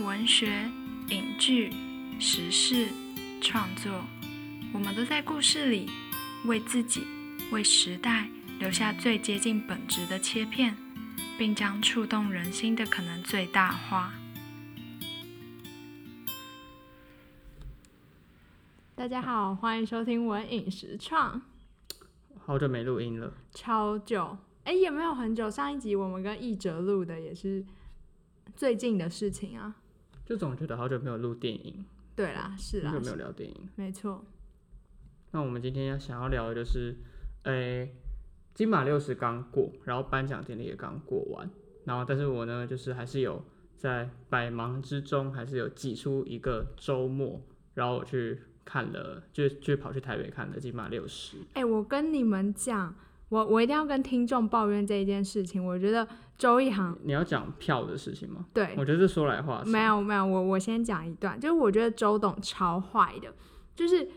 文學、影劇、時事、創作，我們都在故事裡為自己、為時代留下最接近本質的切片，並將觸動人心的可能最大化。大家好，歡迎收聽文影時創。好久沒錄音了，超久，哎、欸，有沒有很久？上一集我們跟易哲錄的也是最近的事情啊。就總覺得好久沒有錄電影，對啦，是啦，好久沒有聊電影，沒錯。那我們今天要想要聊的就是，哎、欸，金馬六十剛過，然後頒獎典禮也剛過完，然後但是我呢，就是還是有在百忙之中，還是有擠出一個周末，然後我去看了，就就跑去台北看了金馬六十。哎、欸，我跟你們講。我我一定要跟聽眾抱怨這一件事情。我覺得周一航，你，你要講票的事情嗎？對，我覺得這說來話長。沒有沒有，我我先講一段，就是我覺得周懂超壞的，就是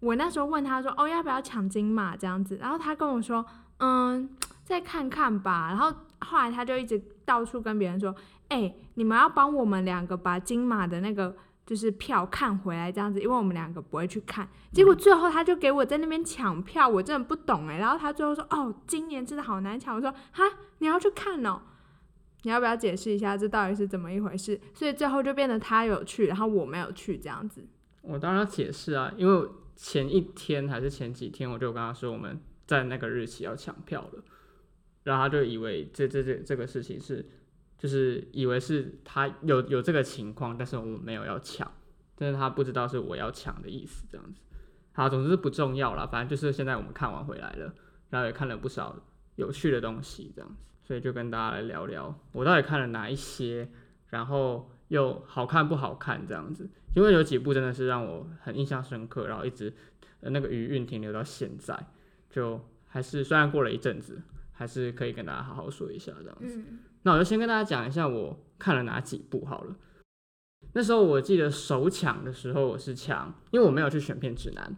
我那時候問他說：“哦，要不要搶金馬這樣子？”然後他跟我說：“嗯，再看看吧。”然後後來他就一直到處跟別人說：“哎、欸，你們要幫我們兩個把金馬的那個。”就是票看回來這樣子，因為我們兩個不會去看，結果最後他就給我在那邊搶票、嗯，我真的不懂誒、欸。然後他最後說：“哦，今年真的好難搶。”我說：“哈，你要去看哦，你要不要解釋一下這到底是怎麼一回事？”所以最後就變得他有去，然後我沒有去這樣子。我當然要解釋啊，因為前一天還是前幾天，我就跟他說我們在那個日期要搶票了，然後他就以為這這這這個事情是。就是以為是他有有這個情況，但是我沒有要搶，但是他不知道是我要搶的意思，這樣子。好，總之是不重要了，反正就是現在我們看完回來了，然後也看了不少有趣的東西，這樣子。所以就跟大家來聊聊，我到底看了哪一些，然後又好看不好看，這樣子。因為有幾部真的是讓我很印象深刻，然後一直那個餘韻停留到現在，就還是雖然過了一陣子，還是可以跟大家好好說一下，這樣子。嗯那我就先跟大家講一下我看了哪幾部好了。那時候我記得手搶的時候我是搶，因為我沒有去選片指南。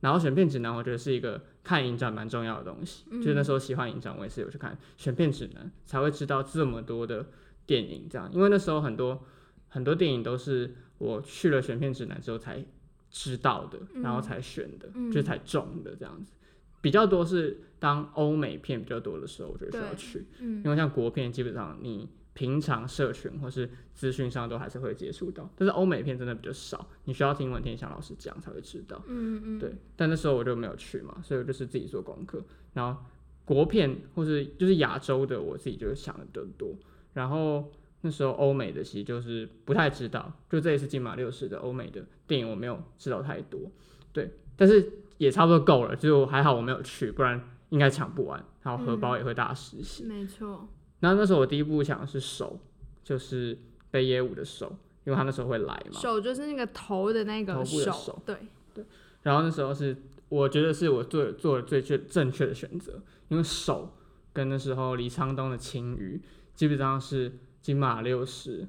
然後選片指南我覺得是一個看影展蠻重要的東西，嗯，就是那時候喜歡影展，我也是有去看選片指南，才會知道這麼多的電影這樣。因為那時候很多很多電影都是我去了選片指南之後才知道的，然後才選的，嗯、就是、才中的這樣子。比較多是當歐美片比較多的時候，我覺得需要去、嗯，因為像國片基本上你平常社群或是資訊上都還是會接觸到，但是歐美片真的比較少，你需要聽聞天祥老師講才會知道嗯嗯。對。但那時候我就沒有去嘛，所以我就是自己做功課。然後國片或是就是亞洲的，我自己就想的更多。然後那時候歐美的其實就是不太知道，就這一次金馬六十的歐美的電影我沒有知道太多。對，但是。也差不多夠了，就還好我沒有去，不然應該搶不完，然後荷包也會大失血、嗯、沒錯。那那時候我第一部搶的是首，就是北野武的首，因為他那時候會來嘛。首就是那個頭的那個首。首對對。然後那時候是我覺得是我做做的最確正確的選擇，因為首跟那時候李滄東的《青魚》基本上是金馬六十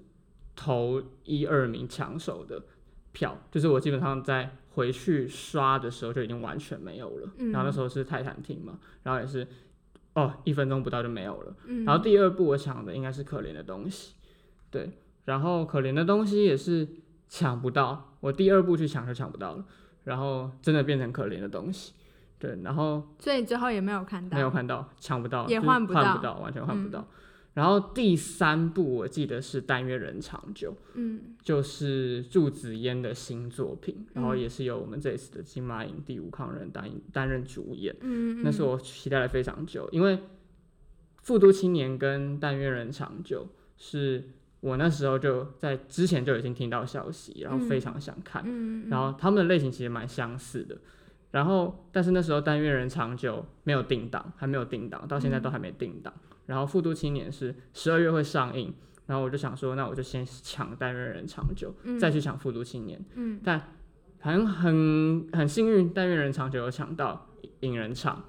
頭一二名搶手的票，就是我基本上在。回去刷的時候就已經完全沒有了，嗯、然後那時候是泰坦廳嘛，然後也是哦，一分鐘不到就沒有了。嗯、然後第二部我搶的應該是可憐的東西，對，然後可憐的東西也是搶不到，我第二部去搶就搶不到了，然後真的變成可憐的東西，對，然後所以最後也沒有看到，沒有看到，搶不到，也換不到，就是、換不到完全換不到。嗯然後第三部我記得是《但願人長久》，嗯，就是祝子嫣的新作品、嗯，然後也是由我們這次的金馬影帝吳慷仁擔任主演，嗯，嗯，那是我期待了非常久，因為《富都青年》跟《但願人長久》是我那時候就在之前就已經聽到消息，然後非常想看，嗯，然後他們的類型其實蠻相似的，然後但是那時候《但願人長久》沒有定檔，還沒有定檔，到現在都還沒定檔。嗯然後《富都青年》是十二月會上映，然後我就想說，那我就先搶《但願人長久》。嗯，再去搶《富都青年》。嗯，但很很很幸運，《但願人長久》有搶到影人場，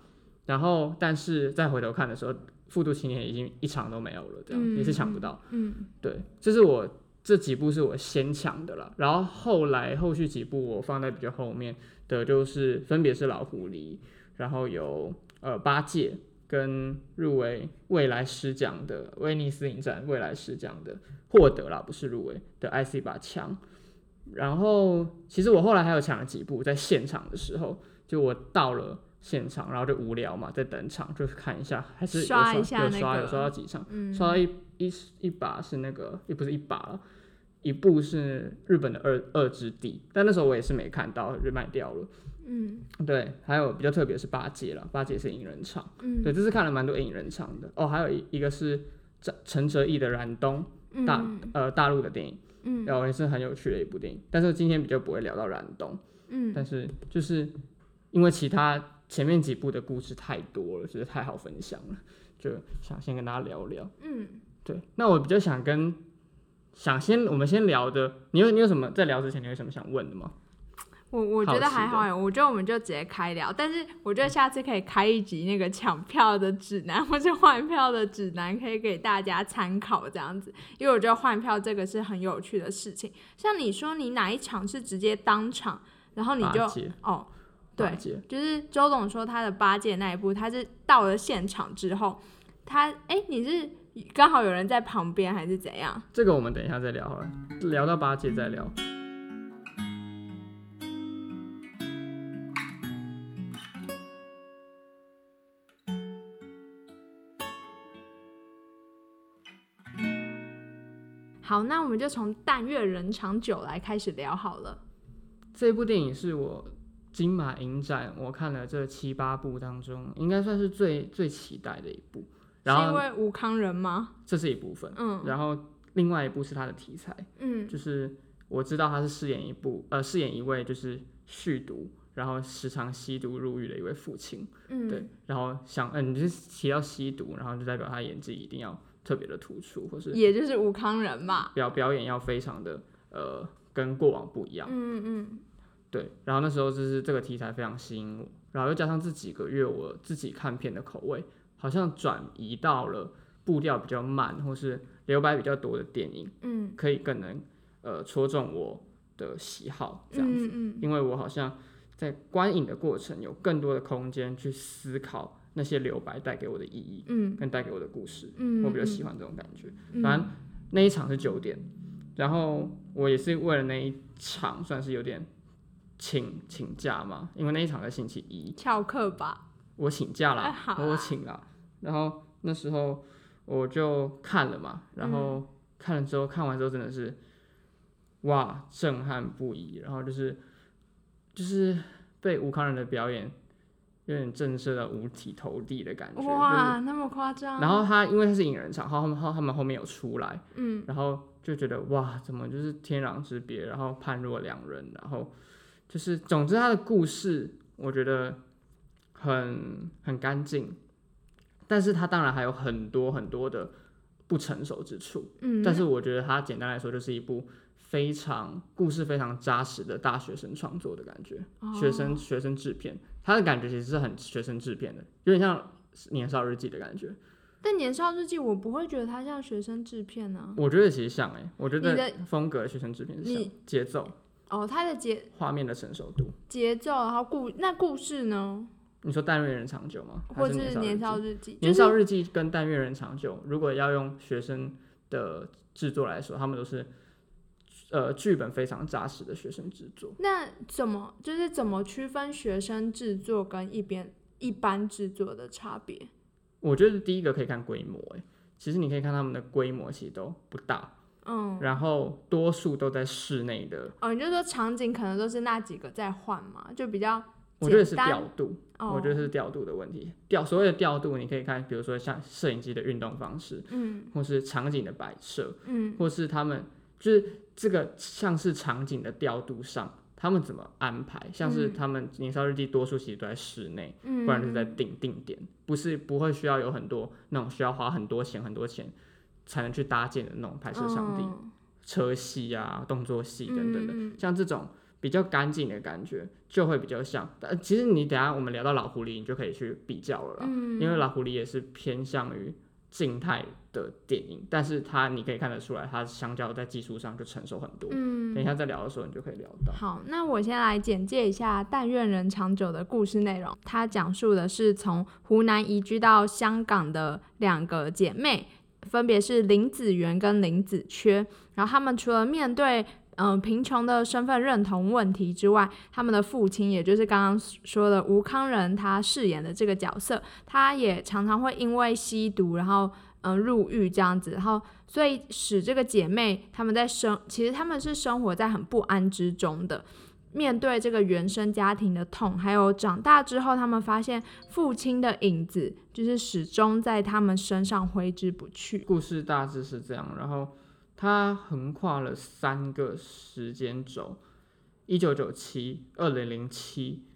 然後但是再回頭看的時候，《富都青年》已經一場都沒有了，這樣、嗯、也是搶不到。嗯，對，這是我這幾部是我先搶的了，然後後來後續幾部我放在比較後面的就是分別是《老狐狸》，然後有呃《八戒》。跟入圍未來獅獎的威尼斯影展未來獅獎的獲得了，不是入圍的，愛是一把槍。然後其實我後來還有搶了幾部，在現場的時候，就我到了現場，然後就無聊嘛，在等場，就看一下，還是有刷，刷一下那個、有，刷有刷，有刷到幾場，嗯、刷到一一一把是那個，也不是一把了，一部是日本的二《二二之地》，但那時候我也是沒看到，就賣掉了。嗯，對，還有比較特別是八戒了，八戒是影人場，嗯，對，這次看了蠻多影人場的哦，oh, 還有一一個是陳哲藝的燃冬，大、嗯、呃大陸的電影，嗯，然後也是很有趣的一部電影，但是今天比較不會聊到燃冬，嗯，但是就是因為其他前面幾部的故事太多了，就是太好分享了，就想先跟大家聊聊，嗯，對，那我比較想跟想先我們先聊的，你有你有什麼在聊之前你有什麼想問的嗎？我我覺得還好誒，我覺得我們就直接開聊，但是我覺得下次可以開一集那個搶票的指南，嗯、或者換票的指南，可以給大家參考這樣子，因為我覺得換票這個是很有趣的事情。像你說你哪一場是直接當場，然後你就哦，對，就是周懂說他的八戒那一部，他是到了現場之後，他哎、欸，你是剛好有人在旁邊還是怎樣？這個我們等一下再聊好了，聊到八戒再聊。嗯好，那我們就從《但願人長久》來開始聊好了。這部電影是我金馬影展我看了這七八部當中，應該算是最最期待的一部。然後是因為吳慷仁嗎？這是一部分，嗯。然後另外一部是他的題材，嗯，就是我知道他是飾演一部，呃，飾演一位就是續毒，然後時常吸毒入獄的一位父親，嗯，對。然後想，嗯、呃，你就提到吸毒，然後就代表他演技一定要。特別的突出，或是也就是吳慷仁吧。表表演要非常的呃，跟過往不一樣。嗯嗯，對。然後那時候就是這個題材非常吸引我，然後又加上這幾個月我自己看片的口味，好像轉移到了步調比較慢或是留白比較多的電影，嗯，可以更能呃戳中我的喜好這樣子嗯。嗯，因為我好像在觀影的過程有更多的空間去思考。那些留白帶給我的意義，嗯，跟帶給我的故事，嗯，我比較喜歡這種感覺。嗯嗯、反正那一場是九點、嗯，然後我也是為了那一場，算是有點請請假嘛，因為那一場在星期一，翹課吧，我請假了、啊，我請了。然後那時候我就看了嘛，然後看了之後，嗯、看完之後真的是，哇，震撼不已。然後就是就是被吳慷仁的表演。有點震懾的五體投地的感覺，哇，就是、那麼誇張。然後他因為他是影人場，後他們、他們後面有出來，嗯，然後就覺得哇，怎麼就是天壤之別，然後判若兩人，然後就是總之他的故事我覺得很很乾淨，但是他當然還有很多很多的不成熟之處，嗯，但是我覺得他簡單來說就是一部非常故事非常扎實的大學生創作的感覺，哦、學生學生制片。他的感覺其實是很學生制片的，有點像年少日記的感覺。但年少日記我不會覺得它像學生制片呢、啊。我覺得其實像誒、欸。我覺得你的風格的學生制片是，是節奏哦，它的節畫面的成熟度，節奏，然後故那故事呢？你說《但願人長久》嗎？還是年少日記？年少日記，就是、年少日記跟《但願人長久》，如果要用學生的制作來說，他們都是。呃，劇本非常扎實的學生製作，那怎麼就是怎麼區分學生製作跟一邊一般製作的差別？我覺得第一個可以看規模、欸，哎，其實你可以看他們的規模，其實都不大，嗯，然後多數都在室內的。哦，你就說場景可能都是那幾個在換嘛，就比較。我覺得是調度、哦，我覺得是調度的問題。調所謂的調度，你可以看，比如說像攝影機的運動方式，嗯，或是場景的擺設，嗯，或是他們就是。這個像是場景的調度上，他們怎麼安排？像是他們年少日記多數其實都在室內、嗯，不然就是在定定點，不是不會需要有很多那種需要花很多錢很多錢才能去搭建的那種拍攝場地，哦、車戲啊、動作戲等等的、嗯，像這種比較乾淨的感覺就會比較像。但其實你等一下我們聊到老狐狸，你就可以去比較了啦，嗯、因為老狐狸也是偏向於。靜態的電影，但是它你可以看得出來，它相較在技術上就成熟很多。嗯，等一下再聊的時候，你就可以聊到。好，那我先來簡介一下《但願人長久》的故事內容。它講述的是從湖南移居到香港的兩個姐妹，分別是林子圓跟林子缺。然後他們除了面對嗯，貧窮的身份認同問題之外，他們的父親，也就是剛剛說的吳慷仁，他飾演的這個角色，他也常常會因為吸毒，然後嗯入獄這樣子，然後所以使這個姐妹他們在生，其實他們是生活在很不安之中的，面對這個原生家庭的痛，還有長大之後，他們發現父親的影子就是始終在他們身上揮之不去。故事大致是這樣，然後。他橫跨了三個時間軸，一九九七、二零零七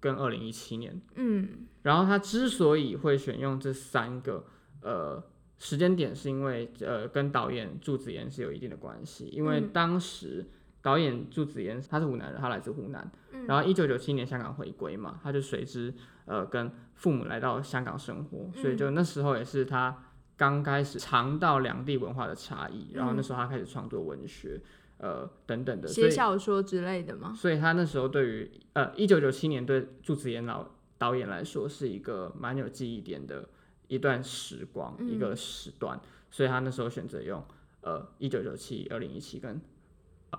跟二零一七年。嗯，然後他之所以會選用這三個呃時間點，是因為呃跟導演祝子岩是有一定的關係。因為當時導演祝子岩他是湖南人，他來自湖南。嗯，然後一九九七年香港回歸嘛，他就隨之呃跟父母來到香港生活，所以就那時候也是他。嗯剛開始嘗到兩地文化的差異，然後那時候他開始創作文學、嗯，呃，等等的，寫小說之類的嘛。所以他那時候對於呃，一九九七年對祝紫嫣老導演來說是一個蠻有記憶點的一段時光，嗯、一個時段，所以他那時候選擇用呃一九九七、二零一七跟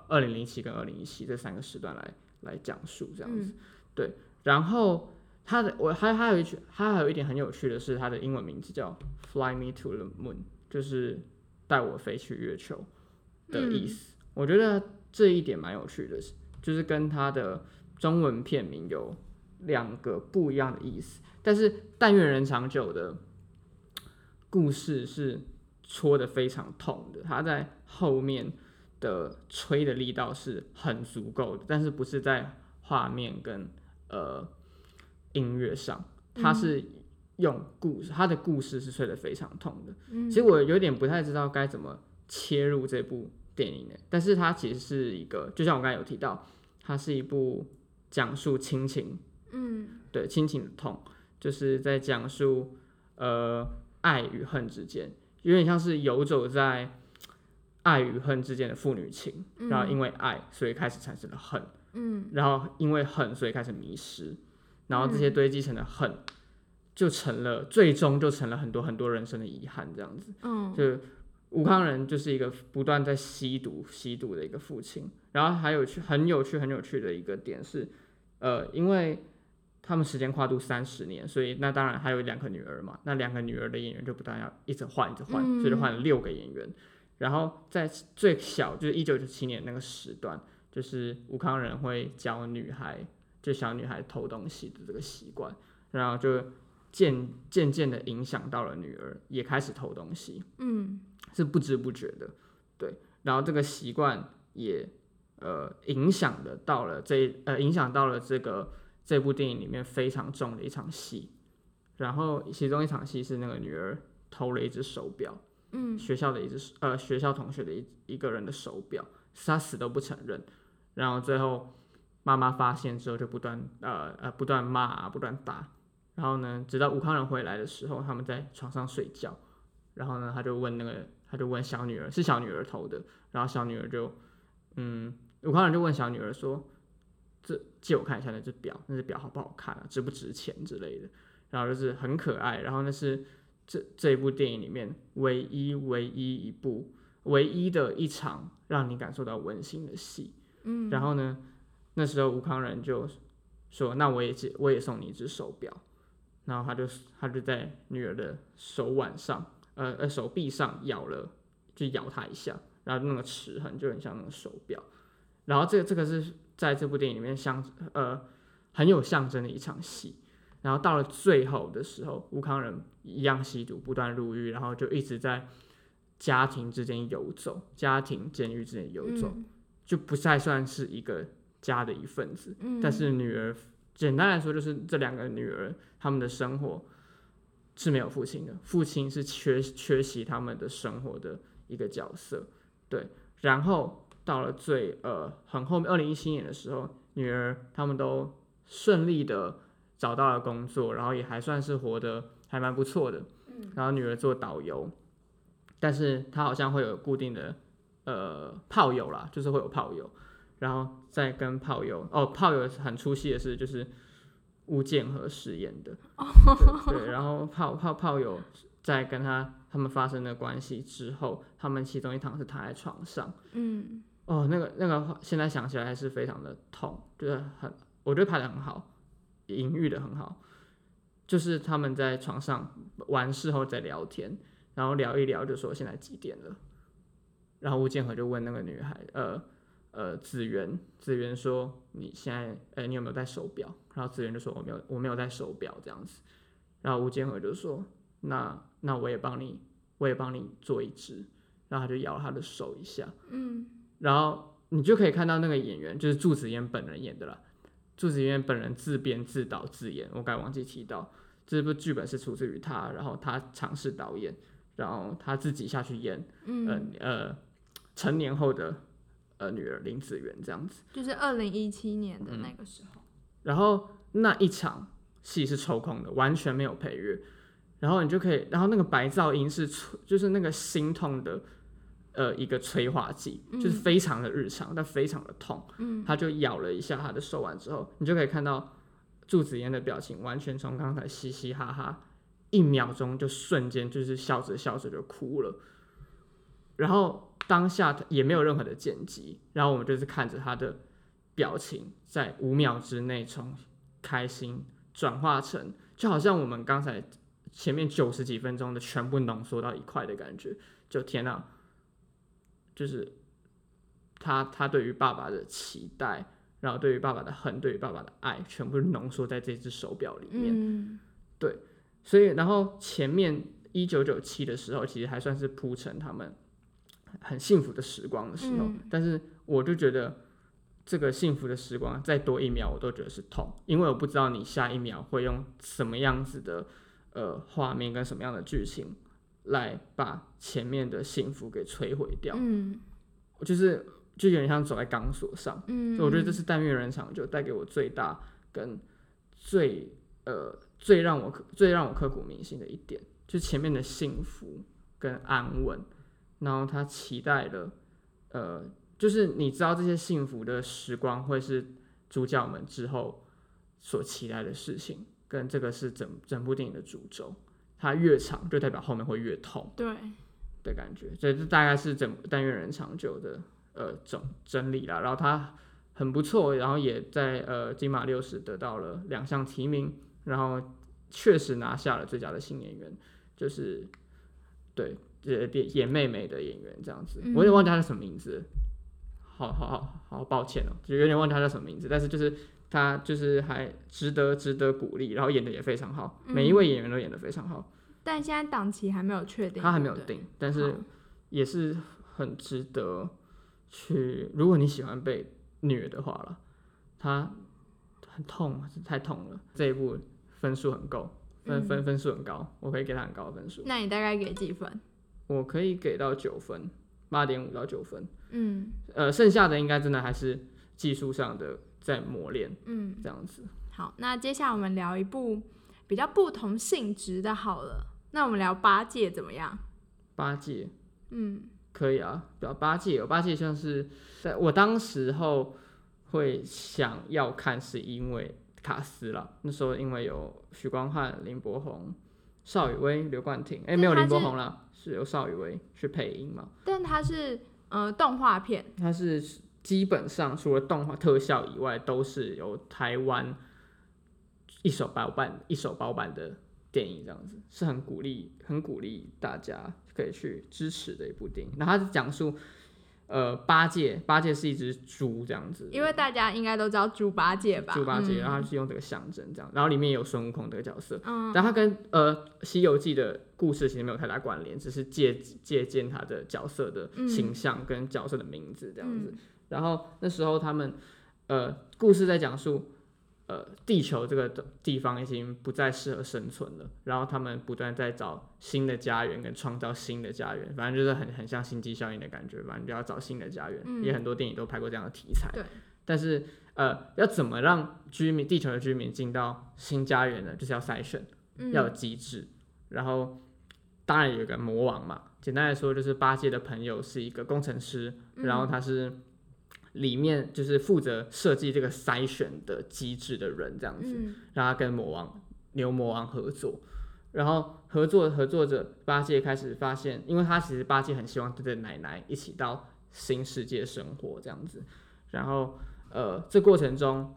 二零零七跟二零一七這三個時段來來講述這樣子，嗯、對，然後。它的我還還有一句，還還有一點很有趣的是，它的英文名字叫《Fly Me to the Moon》，就是帶我飛去月球的意思、嗯。我覺得這一點蠻有趣的，是就是跟它的中文片名有兩個不一樣的意思。但是，但願人長久的故事是戳的非常痛的，它在後面的吹的力道是很足夠的，但是不是在畫面跟呃。音樂上，他是用故事，他的故事是睡得非常痛的。嗯，其實我有點不太知道該怎麼切入這部電影的，但是它其實是一個，就像我剛才有提到，它是一部講述親情，嗯，對，親情的痛，就是在講述呃愛與恨之間，有點像是遊走在愛與恨之間的父女情，嗯，然後因為愛，所以開始產生了恨，嗯，然後因為恨，所以開始迷失。然後這些堆積成了恨，就成了最終就成了很多很多人生的遺憾，這樣子。嗯，就吳慷仁就是一個不斷在吸毒吸毒的一個父親。然後還有很有趣很有趣的一個點是，呃，因為他們時間跨度三十年，所以那當然還有兩個女兒嘛。那兩個女兒的演員就不斷要一直換一直換，所以就換了六個演員。然後在最小就是一九九七年那個時段，就是吳慷仁會教女孩。就小女孩偷東西的這個習慣，然後就漸漸漸的影響到了女兒，也開始偷東西。嗯，是不知不覺的，對。然後這個習慣也呃影響的到了這呃影響到了這個這部電影裡面非常重的一場戲。然後其中一場戲是那個女兒偷了一只手表，嗯，學校的一只呃學校同學的一一個人的手表，殺死都不承認。然後最後。媽媽發現之後就不斷呃呃不斷罵、啊、不斷打，然後呢，直到吳慷仁回來的時候，他們在床上睡覺，然後呢，他就問那個他就問小女兒是小女兒偷的，然後小女兒就嗯，吳慷仁就問小女兒說：“這借我看一下，那只表，那只表好不好看啊？值不值錢之類的？”然後就是很可愛，然後那是這這一部電影裡面唯一唯一一部唯一的一場讓你感受到溫馨的戲，嗯，然後呢。那時候吳康仁就說：“那我也借，我也送你一只手表。”然後他就他就在女兒的手腕上，呃呃手臂上咬了，就咬她一下，然後那個齒痕就很像那個手表。然後這個這個是在這部電影裡面像呃很有象徵的一場戲。然後到了最後的時候，吳康仁一樣吸毒不斷入獄，然後就一直在家庭之間遊走，家庭監獄之間遊走、嗯，就不再算是一個。家的一份子，嗯，但是女兒，簡單來說就是這兩個女兒他們的生活是沒有父親的，父親是缺缺席他們的生活的一個角色，對。然後到了最呃很後面，二零一七年的時候，女兒他們都順利的找到了工作，然後也還算是活得還蠻不錯的，然後女兒做導遊，嗯，但是她好像會有固定的呃炮友啦，就是會有炮友。然後再跟炮友哦，炮友很出戲的是，就是吳建和飾演的 對，對，然後炮炮炮友在跟他他們發生的關係之後，他們其中一堂是躺在床上，嗯，哦，那個那個現在想起來還是非常的痛，就是很，我覺得拍得很好，隱喻得很好，就是他們在床上完事後再聊天，然後聊一聊就說現在幾點了，然後吳建和就問那個女孩，呃。呃，紫源，紫源說你現在，呃、欸，你有沒有戴手表？然後紫源就說我沒有，我沒有戴手表這樣子。然後吳建和就說，那那我也幫你，我也幫你做一只。然後他就咬他的手一下，嗯。然後你就可以看到那個演員就是祝子妍本人演的了。祝子妍本人自編自導自演，我剛才忘記提到，這部劇本是出自於他，然後他嘗試導演，然後他自己下去演，嗯呃,呃，成年後的。呃，女兒林子媛，這樣子，就是二零一七年的那個時候，嗯、然後那一場戲是抽空的，完全沒有配樂，然後你就可以，然後那個白噪音是就是那個心痛的，呃，一個催化劑、嗯，就是非常的日常，但非常的痛，嗯、他就咬了一下他的手腕之後，你就可以看到祝子妍的表情完全從剛才嘻嘻哈哈，一秒鐘就瞬間就是笑着笑着就哭了，然後。當下也沒有任何的剪輯，然後我們就是看着他的表情在五秒之內從開心轉化成，就好像我們剛才前面九十幾分鐘的全部濃縮到一塊的感覺。就天啊，就是他他對於爸爸的期待，然後對於爸爸的恨，對於爸爸的愛，全部濃縮在這隻手錶裡面，嗯。對，所以然後前面一九九七的時候，其實還算是鋪陳他們。很幸福的時光的時候、嗯，但是我就覺得這個幸福的時光再多一秒，我都覺得是痛，因為我不知道你下一秒會用什麼樣子的呃畫面跟什麼樣的劇情來把前面的幸福給摧毀掉。嗯，我就是就有點像走在鋼索上。嗯，嗯，嗯，我覺得這是《但願人長久》帶給我最大跟最呃最讓我最讓我刻骨銘心的一點，就前面的幸福跟安穩。然後他期待了，呃，就是你知道這些幸福的時光，會是主角們之後所期待的事情。跟這個是整整部電影的主軸，它越長就代表後面會越痛，對的感覺。所以這大概是整但願人長久的呃整真理啦。然後他很不錯，然後也在呃金馬六十得到了兩項提名，然後確實拿下了最佳的新演員，就是對。呃，演妹妹的演員這樣子，嗯、我有點忘記她叫什麼名字，好好好好，好抱歉哦，喔，就有點忘記她叫什麼名字。但是就是她就是還值得值得鼓勵，然後演的也非常好，嗯，每一位演員都演得非常好。但現在檔期還沒有確定，她還沒有定，但是也是很值得去。如果你喜歡被虐的話了，她很痛，太痛了。這一部分數很夠，嗯，分分分數很高，我可以給她很高的分數。那你大概給幾分？我可以給到九分，八點五到九分。嗯，呃，剩下的應該真的還是技術上的在磨練。嗯，這樣子。好，那接下來我們聊一部比較不同性質的好了。那我們聊八戒怎麼樣？八戒，嗯，可以啊。比較八戒、喔，八戒像是在我當時候會想要看，是因為卡司了。那時候因為有許光漢、林柏宏、邵雨薇、劉冠廷，哎、嗯，欸、沒有林柏宏了。是由邵雨薇去配音嘛，但它是呃動畫片，它是基本上除了動畫特效以外，都是由台灣一手包辦一手包辦的電影，這樣子是很鼓勵很鼓勵大家可以去支持的一部電影。那它是講述。呃，八戒，八戒是一隻豬這樣子，因為大家應該都知道豬八戒吧？豬八戒、嗯，然後他是用這個象徵這樣，然後裡面有孫悟空的這個角色，然、嗯、後他跟呃《西遊記》的故事其實沒有太大關聯，只是借借鑑他的角色的形象跟角色的名字這樣子。嗯、然後那時候他們，呃，故事在講述。呃，地球這個地方已經不再適合生存了，然後他們不斷在找新的家園跟創造新的家園，反正就是很很像星際效應的感覺，反正就要找新的家園，也、嗯、很多電影都拍過這樣的題材。但是呃，要怎麼讓居民、地球的居民進到新家園呢？就是要篩選、嗯，要有機制，然後當然有個魔王嘛。簡單來說，就是八戒的朋友是一個工程師，然後他是。嗯裡面就是負責設計這個篩選的機制的人，這樣子、嗯，讓他跟魔王牛魔王合作，然後合作合作著，八戒開始發現，因為他其實八戒很希望他的奶奶一起到新世界生活，這樣子，然後呃，這過程中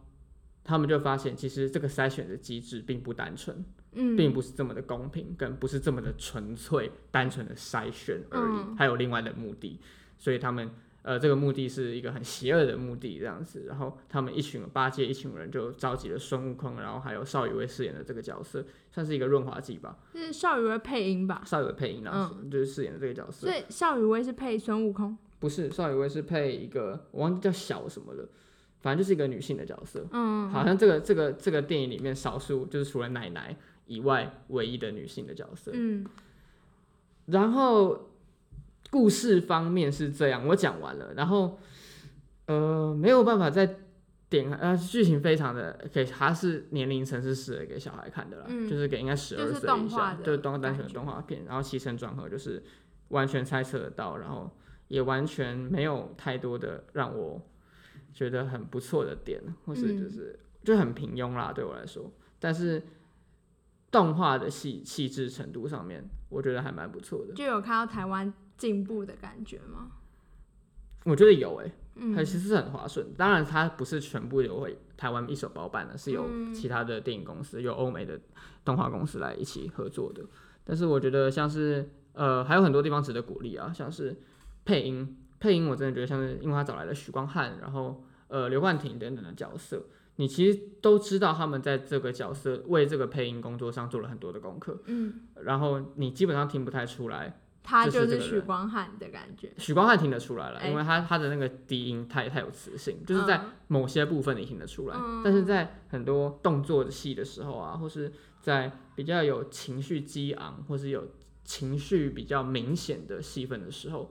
他們就發現，其實這個篩選的機制並不單純、嗯，並不是這麼的公平，更不是這麼的純粹單純的篩選而已、嗯，還有另外的目的，所以他們。呃，這個目的是一個很邪惡的目的這樣子，然後他們一群八戒一群人就召集了孫悟空，然後還有邵雨薇飾演的這個角色，算是一個潤滑劑吧。就是邵雨薇配音吧？邵雨薇配音啊、嗯，就是飾演的這個角色。對，所以邵雨薇是配孫悟空？不是，邵雨薇是配一個我忘記叫小什麼的，反正就是一個女性的角色。嗯，嗯，嗯，嗯，好像這個這個這個電影裡面少數就是除了奶奶以外唯一的女性的角色。嗯，然後。故事方面是這樣，我講完了，然後，呃，沒有辦法再點，呃、啊，劇情非常的給它是年齡層是適合給小孩看的啦，嗯、就是給應該十二歲以下，就是動畫的，就是動畫單純的動畫片，然後起承轉合就是完全猜測得到，然後也完全沒有太多的讓我覺得很不錯的點，或是就是、嗯、就很平庸啦，對我來說，但是。動畫的細細緻程度上面，我覺得還蠻不錯的。就有看到臺灣進步的感覺嗎？我覺得有誒、欸，還、嗯、其實是很滑順。當然，它不是全部由臺灣一手包辦的，是有其他的電影公司、嗯、有歐美的動畫公司來一起合作的。但是，我覺得像是呃，還有很多地方值得鼓勵啊，像是配音。配音我真的覺得，像是因為他找來了許光漢，然後呃劉冠廷等等的角色。你其實都知道，他們在這個角色、為這個配音工作上做了很多的功課，嗯，然後你基本上聽不太出來就是這個人，他就是許光漢的感覺。許光漢聽得出來了、欸，因為他他的那個低音太太有磁性，就是在某些部分你聽得出來，嗯、但是在很多動作的戲的時候啊，或是在比較有情緒激昂或是有情緒比較明顯的戲份的時候，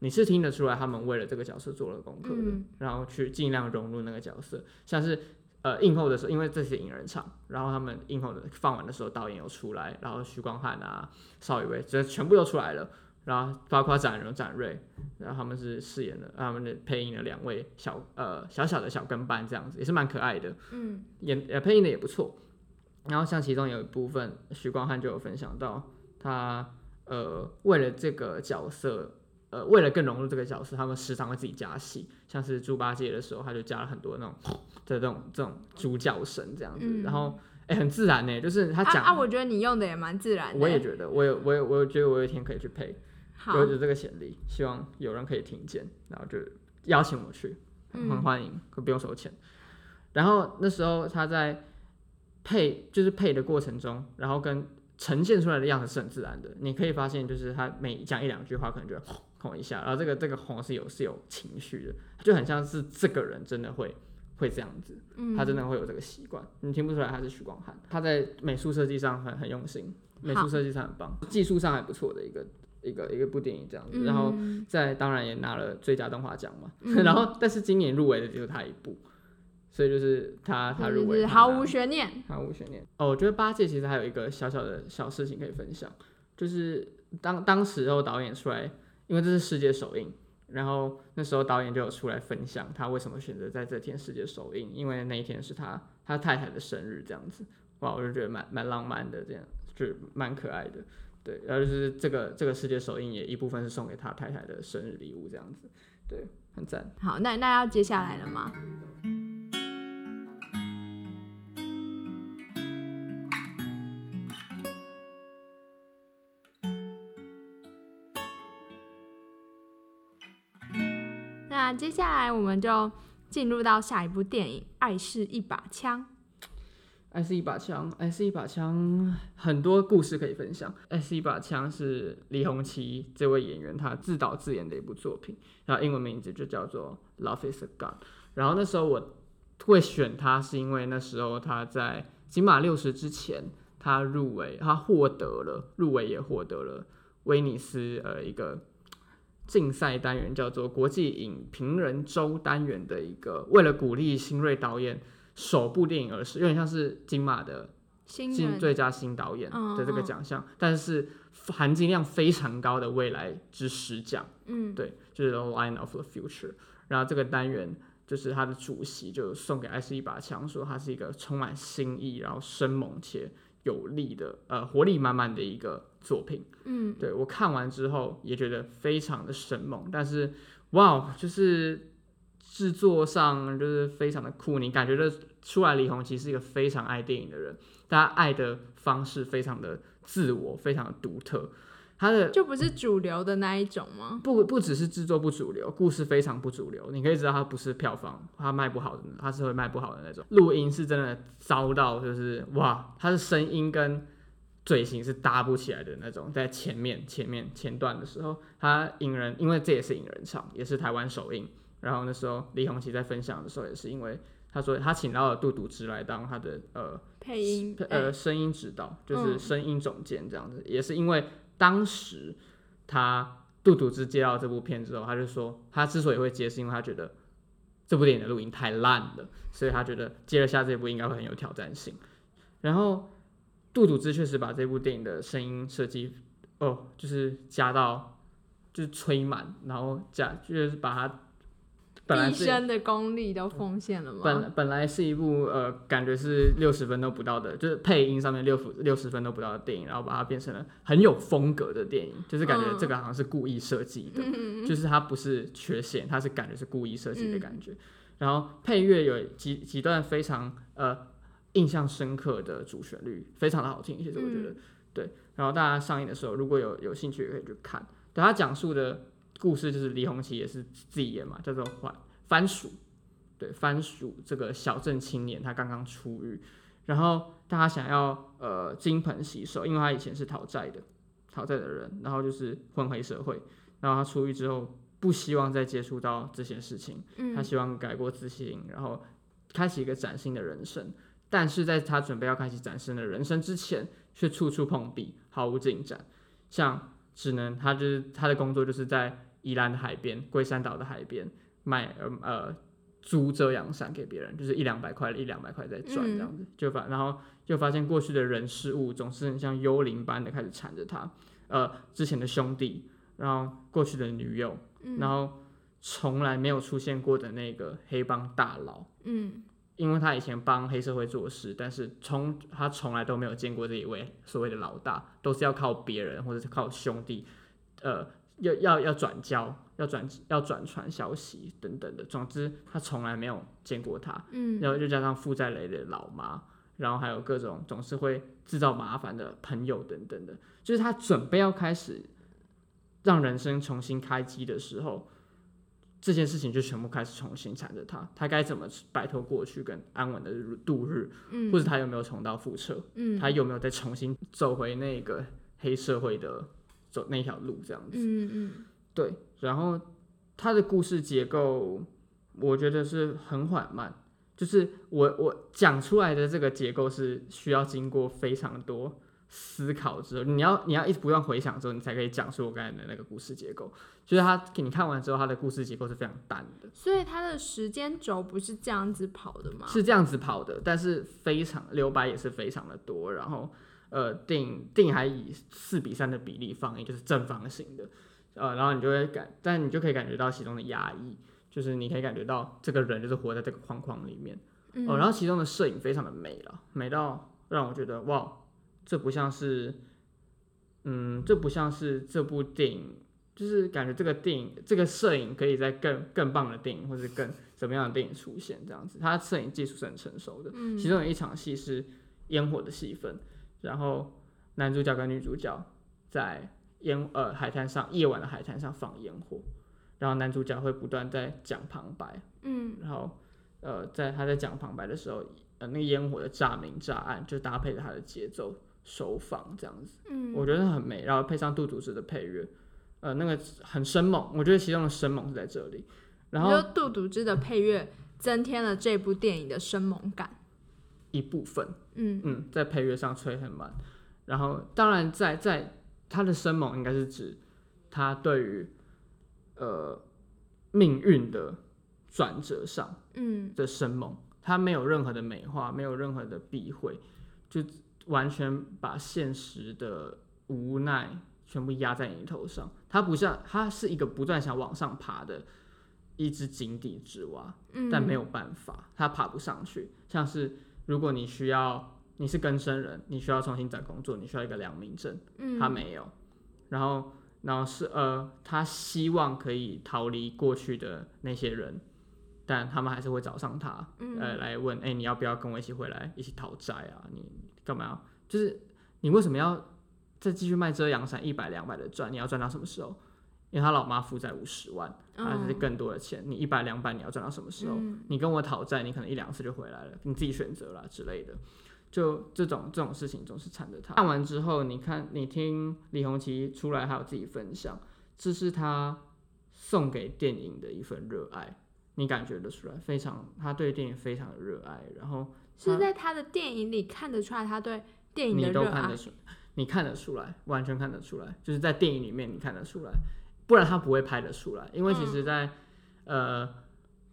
你是聽得出來他們為了這個角色做了功課的、嗯，然後去盡量融入那個角色，像是。呃，映後的時候，因為這是影人場，然後他們映後的放完的時候，導演又出來，然後徐光漢啊、邵雨薇，這全部都出來了，然後包括展榮、展瑞，然後他們是飾演的，他們的配音的兩位小呃小小的小跟班這樣子，也是蠻可愛的，嗯，演也、呃、配音的也不錯。然後像其中有一部分，徐光漢就有分享到他，他呃為了這個角色，呃為了更融入這個角色，他們時常會自己加戲，像是豬八戒的時候，他就加了很多那種。的這種這種主角聲這樣子，嗯、然後誒、欸、很自然呢、欸。就是他講啊，啊，我覺得你用的也蠻自然的。我也覺得，我有我有，我，我覺得我有一天可以去配，有有這個潛力，希望有人可以聽見，然後就邀請我去，很歡迎，嗯、可不，可不用收錢。然後那時候他在配，就是配的過程中，然後跟呈現出來的樣子是很自然的。你可以發現，就是他每講一兩句話，可能就哄轟一下，然後這個這個哄是有是有情緒的，就很像是這個人真的會。嗯會這樣子，他真的會有這個習慣、嗯，你聽不出來他是許光漢，他在美術設計上很很用心，美術設計上很棒，技術上還不錯的一個一個一個部電影這樣子、嗯，然後再當然也拿了最佳動畫獎嘛，嗯、 然後但是今年入圍的只有他一部，所以就是他他入圍毫無懸念，毫無懸念，念。哦，我覺得八戒其實還有一個小小的小事情可以分享，就是當當時候導演出來，因為這是世界首映。然後那時候導演就有出來分享他為什麼選擇在這天世界首映，因為那一天是他他太太的生日這樣子。哇，我就覺得蠻蠻浪漫的，這樣是蠻可愛的，對，然後就是這個這個世界首映也一部分是送給他太太的生日禮物這樣子，對，很讚。好，那那要接下來了嗎？那接下來我們就進入到下一部電影《愛是一把槍》。愛是一把槍，愛是一把槍，很多故事可以分享。《愛是一把槍》是李鴻其這位演員他自導自演的一部作品，他英文名字就叫做《Love Is a Gun》然後那時候我會選他，是因為那時候他在金馬六十之前他，他入圍，他獲得了入圍，也獲得了威尼斯呃一個。競賽單元叫做國際影評人周單元的一個，為了鼓勵新銳導演首部電影而設，有點像是金馬的金最佳新導演的這個獎項，但是含金量非常高的未來之獅獎。嗯，對，就是 the Lion of the Future。然後這個單元就是他的主席就送給愛是一把槍，說他是一個充滿新意，然後生猛且有力的，呃，活力滿滿的一個。作品，嗯，對我看完之後也覺得非常的生猛，但是哇，就是制作上就是非常的酷，你感覺得出來，李紅旗是一個非常愛電影的人，他愛的方式非常的自我，非常的獨特，他的就不是主流的那一種嗎？不，不只是制作不主流，故事非常不主流，你可以知道他不是票房，他賣不好的，他是會賣不好的那種。錄音是真的糟到，就是哇，他的聲音跟。嘴型是搭不起來的那種，在前面前面前段的時候，他引人，因為這也是引人唱，也是台灣首映。然後那時候李鴻其在分享的時候，也是因為他說他請到了杜篤之來當他的呃配音呃聲音指導，欸、就是聲音總監這樣子、嗯。也是因為當時他杜篤之接到這部片之後，他就說他之所以會接，是因為他覺得這部電影的錄音太爛了，所以他覺得接了下這部應該會很有挑戰性。然後。杜篤之確實把這部電影的聲音設計，哦，就是加到，就是吹滿，然後加就是把它，畢生的功力都奉獻了嗎？本，本來是一部呃，感覺是六十分都不到的，就是配音上面六六十分都不到的電影，然後把它變成了很有風格的電影，就是感覺這個好像是故意設計的、嗯，就是它不是缺陷，它是感覺是故意設計的感覺。嗯、然後配樂有幾幾段非常呃。印象深刻的主旋律非常的好聽，其實我覺得、嗯、對。然後大家上映的時候，如果有有興趣，也可以去看。對，他講述的故事就是李紅旗也是自己演嘛，叫做“番番薯”。對，番薯這個小鎮青年，他剛剛出獄，然後他想要呃金盆洗手，因為他以前是討債的，討債的人，然後就是混黑社會。然後他出獄之後，不希望再接觸到這些事情、嗯，他希望改過自新，然後開啟一個嶄新的人生。但是在他準備要開始嶄新的人生之前，卻處處碰壁，毫無進展。像只能他就是他的工作，就是在宜蘭的海邊、龜山島的海邊賣呃租遮陽傘給別人，就是一兩百塊、一兩百塊在賺這樣子。嗯、就發，然後就發現過去的人事物總是很像幽靈般的開始纏着他，呃，之前的兄弟，然後過去的女友，嗯、然後從來沒有出現過的那個黑幫大佬，嗯。因為他以前幫黑社會做事，但是從他從來都沒有見過這一位所謂的老大，都是要靠別人或者是靠兄弟，呃，要要要轉交、要轉、要轉傳消息等等的。總之，他從來沒有見過他。嗯，然後又加上負債累累的老媽，然後還有各種總是會製造麻煩的朋友等等的，就是他準備要開始讓人生重新開機的時候。這件事情就全部開始重新纏着他，他該怎麼擺脫過去跟安穩的度日，嗯，或者他有沒有重蹈覆轍，嗯，他有沒有再重新走回那個黑社會的走那條路這樣子，嗯嗯，對，然後他的故事結構，我覺得是很緩慢，就是我我講出來的這個結構是需要經過非常多。思考之後，你要你要一直不斷回想之後，你才可以講述我剛才的那個故事結構。就是他給你看完之後，他的故事結構是非常淡的。所以他的時間軸不是這樣子跑的嗎？是這樣子跑的，但是非常留白也是非常的多。然後呃，電影電影還以四比三的比例放映，就是正方形的。呃，然後你就會感，但你就可以感覺到其中的壓抑，就是你可以感覺到這個人就是活在這個框框裡面。嗯、哦，然後其中的攝影非常的美了，美到讓我覺得哇。這不像是，嗯，這不像是這部電影，就是感覺這個電影這個攝影可以在更更棒的電影或者更什麼樣的電影出現這樣子。它攝影技術是很成熟的，嗯，其中有一場戲是煙火的戲份，然後男主角跟女主角在煙呃海灘上夜晚的海灘上放煙火，然後男主角會不斷在講旁白，嗯，然後呃在他在講旁白的時候，呃那個煙火的乍明乍暗就搭配着他的節奏。手法這樣子，嗯，我覺得很美，然後配上杜篤之的配樂，呃，那個很生猛，我覺得其中的生猛是在這裡。然後，杜篤之的配樂增添了這部電影的生猛感一部分。嗯嗯，在配樂上吹很滿，然後當然在在他的生猛應該是指他對於呃命運的轉折上，嗯的生猛，他沒有任何的美化，沒有任何的避諱，就。完全把現實的無奈全部壓在你頭上，他不像，他是一個不斷想往上爬的一隻井底之蛙，嗯，但沒有辦法，他爬不上去。像是如果你需要，你是更生人，你需要重新找工作，你需要一個良民證，嗯，他沒有，然後，然後是呃，他希望可以逃離過去的那些人，但他們還是會找上他，嗯，呃，來問，誒，欸，你要不要跟我一起回來，一起討債啊？你。幹嘛？就是你為什麼要再繼續賣遮陽傘，一百兩百的賺？你要賺到什麼時候？因為他老媽負債五十萬，還、嗯啊、是更多的錢，你一百兩百你要賺到什麼時候？嗯、你跟我討債，你可能一兩次就回來了。你自己選擇了之類的，就這種這種事情總是纏着他。看完之後，你看你聽李鴻其出來還有自己分享，這是他送給電影的一份熱愛，你感覺得出來，非常他對電影非常的熱愛，然後。是在他的電影裡看得出來，他對電影都看得出，你看得出來，完全看得出來，就是在電影裡面你看得出來，不然他不會拍得出來。因為其實在，在、嗯、呃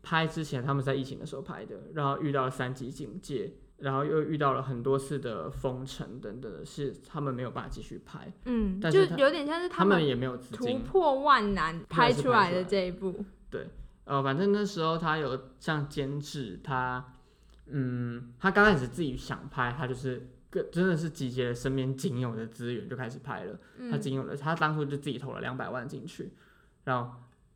拍之前，他們在疫情的時候拍的，然後遇到了三級警戒，然後又遇到了很多次的封城等等，是他們沒有辦法繼續拍。嗯，但是，就有點像是他們，他們也沒有資金，突破萬難拍出，拍出來的這一部。對，呃，反正那時候他有像監製他。嗯，他剛開始自己想拍，他就是個真的是集結了身邊僅有的資源就開始拍了。嗯、他僅有的，他當初就自己投了兩百萬進去，然後，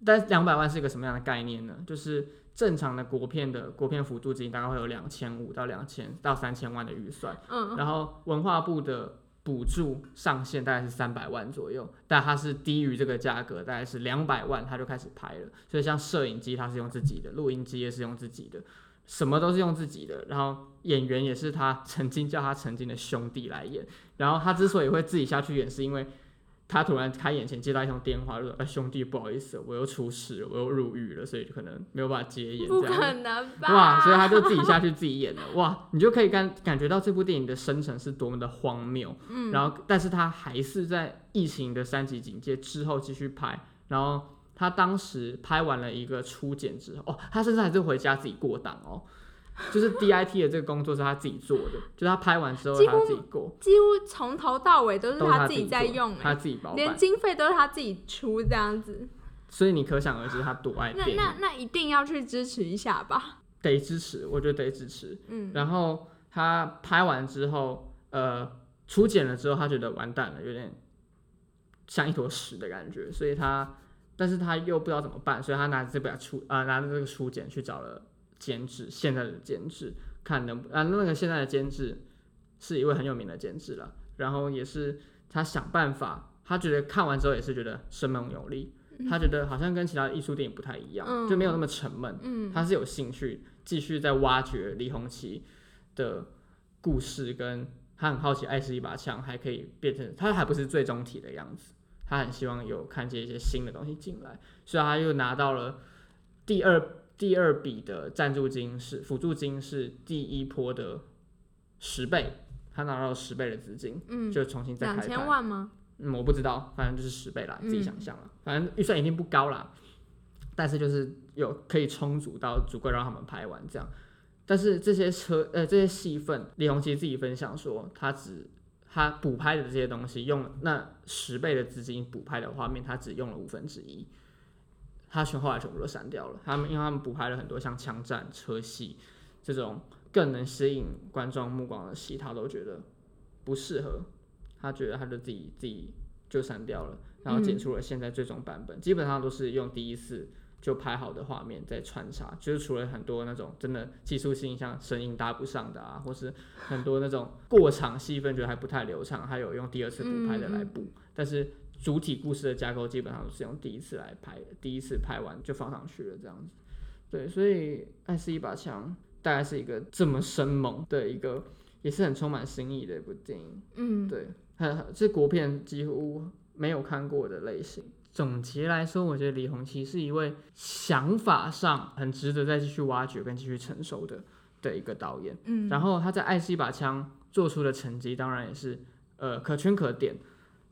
但兩百萬是一個什麼樣的概念呢？就是正常的國片的國片輔助金大概會有兩千五到兩千到三千萬的預算，嗯，然後文化部的補助上限大概是三百萬左右，但他是低於這個價格，大概是兩百萬，他就開始拍了。所以像攝影機他是用自己的，錄音機也是用自己的。什麼都是用自己的，然後演員也是他曾經叫他曾經的兄弟來演，然後他之所以會自己下去演，是因為他突然開演前接到一通電話說，說、哎、啊，兄弟不好意思，我又出事了，我又入獄了，所以就可能沒有辦法接演，這樣很難哇，所以他就自己下去自己演了， 哇，你就可以感感覺到這部電影的生成是多麼的荒謬，嗯，然後但是他還是在疫情的三級警戒之後繼續拍，然後。他當時拍完了一個初剪之後，哦，他甚至還是回家自己過檔哦，就是 DIT 的這個工作是他自己做的， 就是他拍完之後他自己過，幾乎從頭到尾都是他自己在用他己，他自己包，連經費都是他自己出這樣子，所以你可想而知他多愛。那那那一定要去支持一下吧，得支持，我覺得得支持，嗯。然後他拍完之後，呃，初剪了之後，他覺得完蛋了，有點像一坨屎的感覺，所以他。但是他又不知道怎麼辦，所以他拿着這本出啊，拿着這個書簡去找了監製。現在的監製看能啊，那個現在的監製是一位很有名的監製了。然後也是他想辦法，他覺得看完之後也是覺得生猛有力、嗯，他覺得好像跟其他藝術電影不太一樣，嗯、就沒有那麼沉悶、嗯。他是有興趣繼續在挖掘李鴻其的故事，跟他很好奇《愛是一把槍》還可以變成，他還不是最終體的樣子。他很希望有看見一些新的東西進來，所以他又拿到了第二第二筆的贊助金是輔助金，是第一波的十倍，他拿到十倍的資金，嗯，就重新再開兩千萬嗎？嗯，我不知道，反正就是十倍啦，自己想像啦、嗯，反正預算已經不高啦，但是就是有可以充足到足夠讓他們拍完這樣，但是這些車呃這些戲份，李鴻其自己分享說他只。他補拍的這些東西，用那十倍的資金補拍的畫面，他只用了五分之一，他全後來全部都刪掉了。他們因為他們補拍了很多像槍戰、車戲這種更能吸引觀眾目光的戲，他都覺得不適合，他覺得他的自己自己就刪掉了，然後剪出了現在這種版本，基本上都是用第一次就拍好的畫面再穿插，就是除了很多那種真的技術性，像聲音搭不上的啊，或是很多那種過場戲份，覺得還不太流暢，還有用第二次補拍的來補，嗯。但是主體故事的架構基本上都是用第一次來拍，第一次拍完就放上去了這樣子。對，所以《愛是一把槍》大概是一個這麼生猛的一個，也是很充滿新意的一部電影。嗯，對，很這是國片幾乎沒有看過的類型。總結來說，我覺得李鴻其是一位想法上很值得再繼續挖掘跟繼續成熟的的一個導演。嗯，然後他在《愛是一把槍》做出的成績，當然也是呃可圈可點。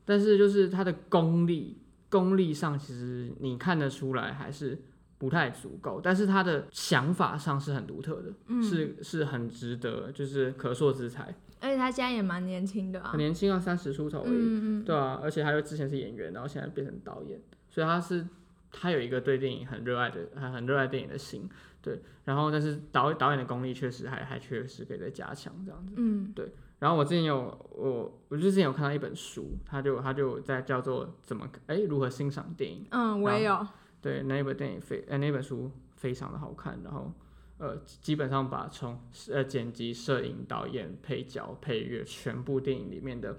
但是就是他的功力，功力上其實你看得出來還是不太足夠。但是他的想法上是很獨特的，嗯、是是很值得，就是可塑之才。而且他現在也蠻年輕的啊，很年輕啊，三十出頭而已嗯嗯嗯。對啊，而且他又之前是演員，然後現在變成導演，所以他是他有一個對電影很熱愛的，很熱愛電影的心。對，然後但是導導演的功力確實還還確實可以再加強這樣子。嗯，對。然後我之前有我我之前有看到一本書，他就他就在叫做怎麼哎、欸、如何欣賞電影。嗯，我也有。對那一本電影非哎、欸、那本書非常的好看，然後。呃，基本上把從呃剪輯、攝影、導演、配角、配樂，全部電影裡面的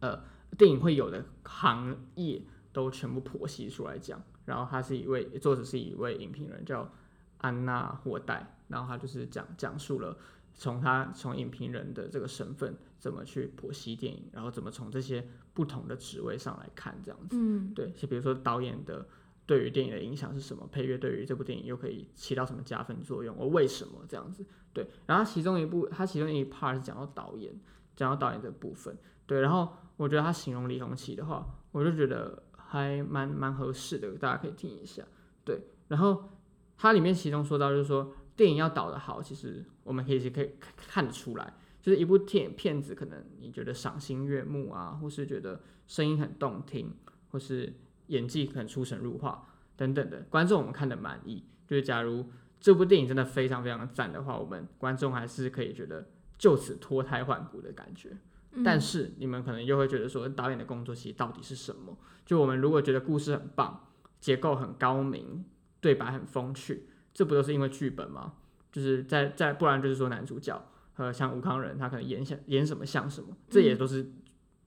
呃電影會有的行業都全部剖析出來講。然後他是一位作者，是一位影評人，叫安娜霍代。然後他就是講講述了從他從影評人的這個身份怎麼去剖析電影，然後怎麼從這些不同的職位上來看這樣子。嗯，對，就比如說導演的。對於電影的影響是什麼？配樂對於這部電影又可以起到什麼加分作用？而為什麼這樣子？對，然後其中一部，它其中一 part 是講到導演，講到導演的部分。對，然後我覺得他形容李鴻其的話，我就覺得還蠻蠻合適的，大家可以聽一下。對，然後它裡面其中說到就是說，電影要導得好，其實我們可以可以看得出來，就是一部電影片子可能你覺得賞心悅目啊，或是覺得聲音很動聽，或是。演技可能出神入化等等的，觀眾我們看得滿意，就是假如這部電影真的非常非常讚的話，我們觀眾還是可以覺得就此脫胎換骨的感覺。嗯。但是你們可能又會覺得說，導演的工作其實到底是什麼？就我們如果覺得故事很棒，結構很高明，對白很風趣，這不都是因為劇本嗎？就是在在，不然就是說男主角，和像吳康仁他可能演演什麼像什麼。嗯。這也都是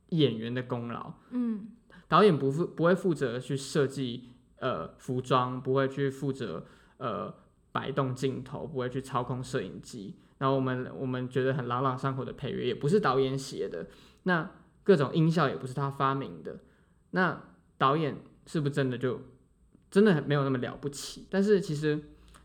演員的功勞。嗯。導演不負不會負責去設計呃服裝，不會去負責呃擺動鏡頭，不會去操控攝影機。然後我們我們覺得很朗朗上口的配樂也不是導演寫的，那各種音效也不是他發明的。那導演是不是真的就真的沒有那麼了不起？但是其實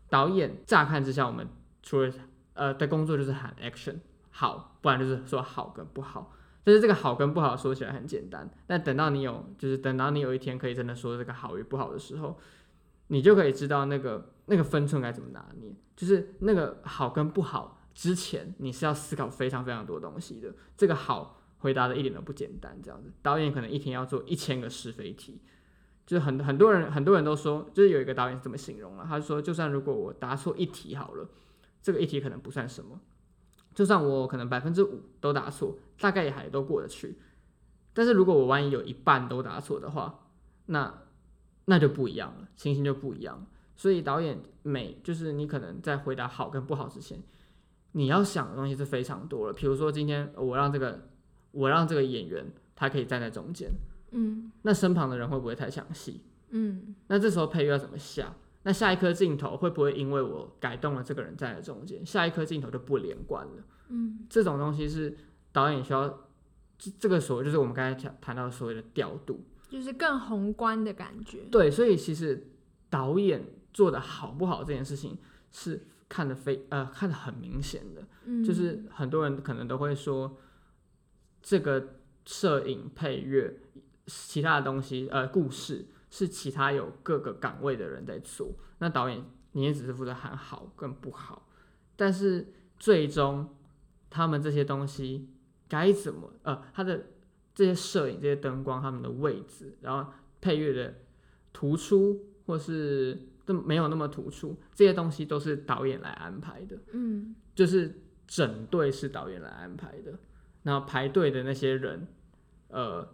導演乍看之下，我們除了呃的工作就是喊 action 好，不然就是說好跟不好。就是這個好跟不好說起來很簡單，但等到你有，就是等到你有一天可以真的說這個好與不好的時候，你就可以知道那個那個分寸該怎麼拿捏。就是那個好跟不好之前，你是要思考非常非常多東西的。這個好回答的一點都不簡單。這樣子，導演可能一天要做一千個是非題，就是很很多人很多人都說，就是有一個導演怎麼形容了啊，他就說就算如果我答錯一題好了，這個一題可能不算什麼，就算我可能百分之五都答錯。大概也還都過得去，但是如果我萬一有一半都答錯的話，那那就不一樣了，情形就不一樣了。所以導演每就是你可能在回答好跟不好之前，你要想的東西是非常多了。比如說今天我讓這個我讓這個演員他可以站在中間，嗯，那身旁的人會不會太搶戲？嗯，那這時候配樂要怎麼下？那下一顆鏡頭會不會因為我改動了這個人站在中間，下一顆鏡頭就不連貫了？嗯，這種東西是。導演需要，這這個所謂就是我們剛才講談到的所謂的調度，就是更宏觀的感覺。對，所以其實導演做的好不好這件事情是看得非呃看得很明顯的，嗯，就是很多人可能都會說，這個攝影、配樂、其他的東西呃故事是其他有各個崗位的人在做，那導演你也只是負責喊好跟不好，但是最終他們這些東西。該怎麼？呃，他的這些攝影、這些燈光，他們的位置，然後配樂的突出，或是這沒有那麼突出，這些東西都是導演來安排的。嗯，就是整隊是導演來安排的，然後排隊的那些人，呃，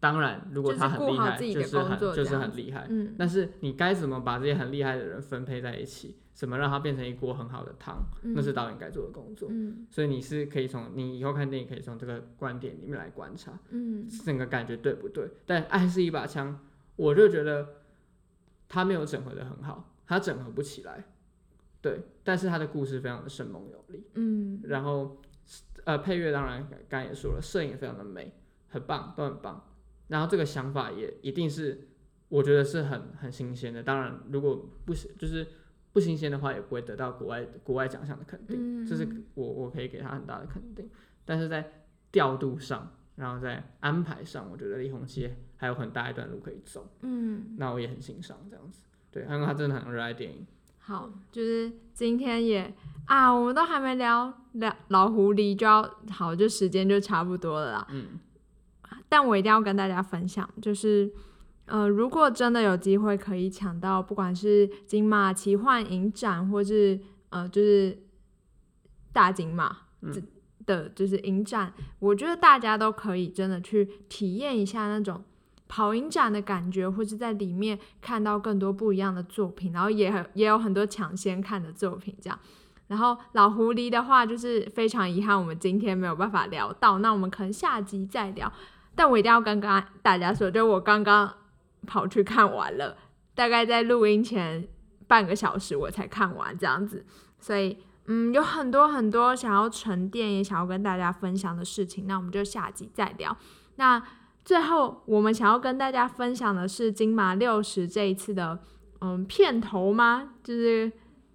當然如果他很厲害，就是、就是很、就是很厲害。嗯，但是你該怎麼把這些很厲害的人分配在一起？怎麼讓它變成一鍋很好的湯、嗯？那是導演該做的工作、嗯。所以你是可以從你以後看電影可以從這個觀點裡面來觀察，嗯，整個感覺對不對？但愛是一把槍，我就覺得它沒有整合得很好，它整合不起來。對，但是它的故事非常的生猛有力，嗯，然後呃配樂當然剛才也說了，攝影非常的美，很棒，都很棒。然後這個想法也一定是我覺得是很很新鮮的。當然，如果不是就是。不新鮮的話，也不會得到國外國外獎項的肯定。嗯，這是我我可以給他很大的肯定，但是在調度上，然後在安排上，我覺得李鴻其還有很大一段路可以走。嗯，那我也很欣賞這樣子。對，因為他真的很熱愛電影。好，就是今天也啊，我們都還沒聊聊老狐狸就要好，就時間就差不多了啦。嗯，但我一定要跟大家分享，就是。呃，如果真的有機會可以搶到，不管是金馬奇幻影展，或是呃，就是大金馬的，就是影展，嗯，我覺得大家都可以真的去體驗一下那種跑影展的感覺，或是在裡面看到更多不一樣的作品，然後也很也有很多搶先看的作品這樣。然後老狐狸的話，就是非常遺憾我們今天沒有辦法聊到，那我們可能下集再聊。但我一定要跟剛大家說，就是我剛剛。跑去看完了，大概在錄音前半個小時我才看完這樣子，所以嗯，有很多很多想要沉澱，也想要跟大家分享的事情，那我們就下集再聊。那最後我們想要跟大家分享的是金馬六十這一次的嗯片頭嗎？就是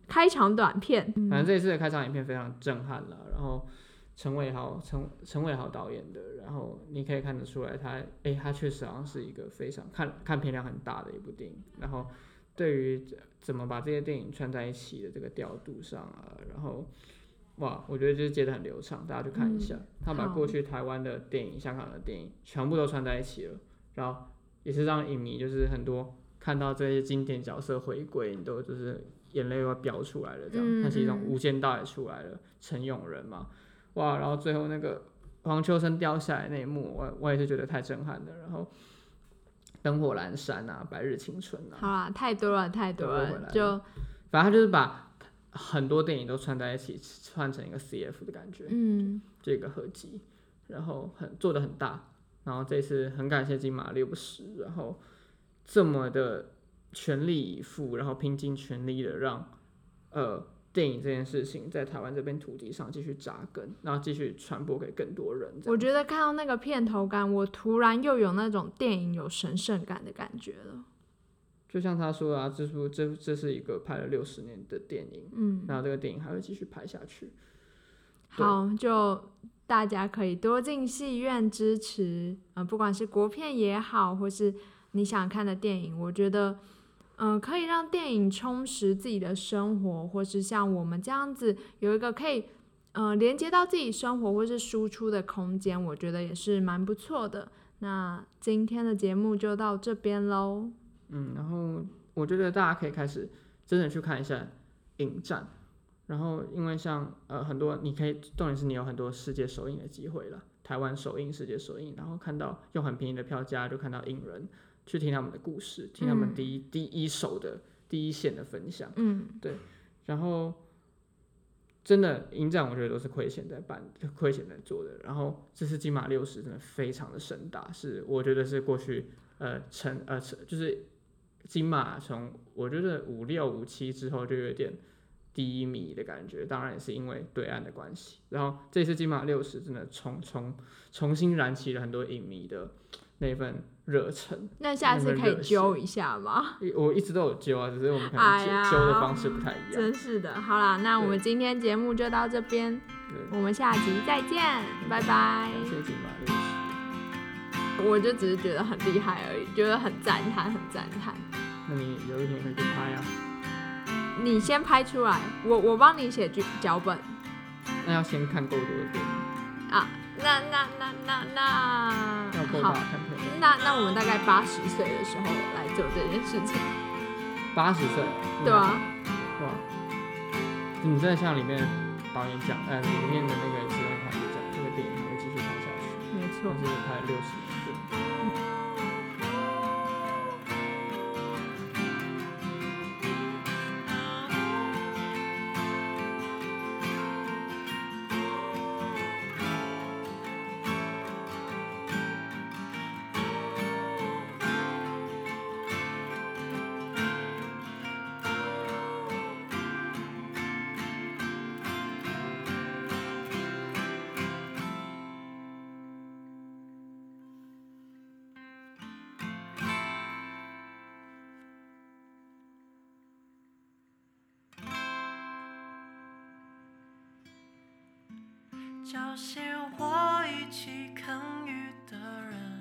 開場短片，反正這一次的開場影片非常震撼了啊，然後。陳偉豪，陳陳偉豪導演的，然後你可以看得出來他、欸，他誒，他確實好像是一個非常看，看片量很大的一部電影。然後對於怎麼把這些電影串在一起的這個調度上啊，然後哇，我覺得就是接得很流暢，大家去看一下、嗯，他把過去台灣的電影、香港的電影全部都串在一起了，然後也是讓影迷就是很多看到這些經典角色回歸，你都就是眼淚要飆出來了這樣。嗯、他是一種無間道也出來了，陳永仁嘛。哇，然後最後那個黃秋生掉下來的那一幕，我我也是覺得太震撼了。然後燈火闌珊啊，白日青春啊，好啊，太多了太多了，了就反正他就是把很多電影都串在一起，串成一個 CF 的感覺，嗯，這個合集，然後很做的很大，然後這次很感謝金馬六十，然後這麼的全力以赴，然後拼盡全力的讓呃。電影這件事情在台灣這邊土地上繼續紮根，然後繼續傳播給更多人。我覺得看到那個片頭感，我突然又有那種電影有神聖感的感覺了。就像他說啊，這部這這是一個拍了六十年的電影，嗯，那這個電影還會繼續拍下去。好，就大家可以多進戲院支持啊、呃，不管是國片也好，或是你想看的電影，我覺得。嗯、呃，可以讓電影充實自己的生活，或是像我們這樣子有一個可以，呃，連接到自己生活或是輸出的空間，我覺得也是蠻不錯的。那今天的節目就到這邊嘍。嗯，然後我覺得大家可以開始真的去看一下影展，然後因為像呃很多你可以重點是你有很多世界首映的機會了，台灣首映、世界首映，然後看到用很便宜的票價就看到影人。去聽他們的故事，聽他們第一、嗯、第一手的第一線的分享，嗯，對，然後真的影展我覺得都是虧錢在辦，虧錢在做的。然後這次金馬六十真的非常的盛大，是我覺得是過去呃成呃就是金馬從我覺得五六五七之後就有點低迷的感覺，當然也是因為對岸的關係。然後這次金馬六十真的重重重新燃起了很多影迷的。那份熱忱，那下次可以揪一下嗎？ 我一直都有揪啊，只是我們可能揪的方式不太一樣。哎呀，嗯，真是的，好啦，那我們今天節目就到這邊，我們下集再見，拜拜。謝謝，我就只是覺得很厲害而已，覺得很讚嘆，很讚嘆。那你有一天可以去拍啊？你先拍出來，我我幫你寫劇腳本。那要先看夠多的電影啊。那那那那那，那我看，好，那那我們大概八十歲的時候來做這件事情。八十歲、嗯，對啊，哇！你在像裡面導演講，呃，裡面的那個徐文華也講，這、那個電影還會繼續拍下去，沒錯，還會拍六十。叫醒我一起看雨的人。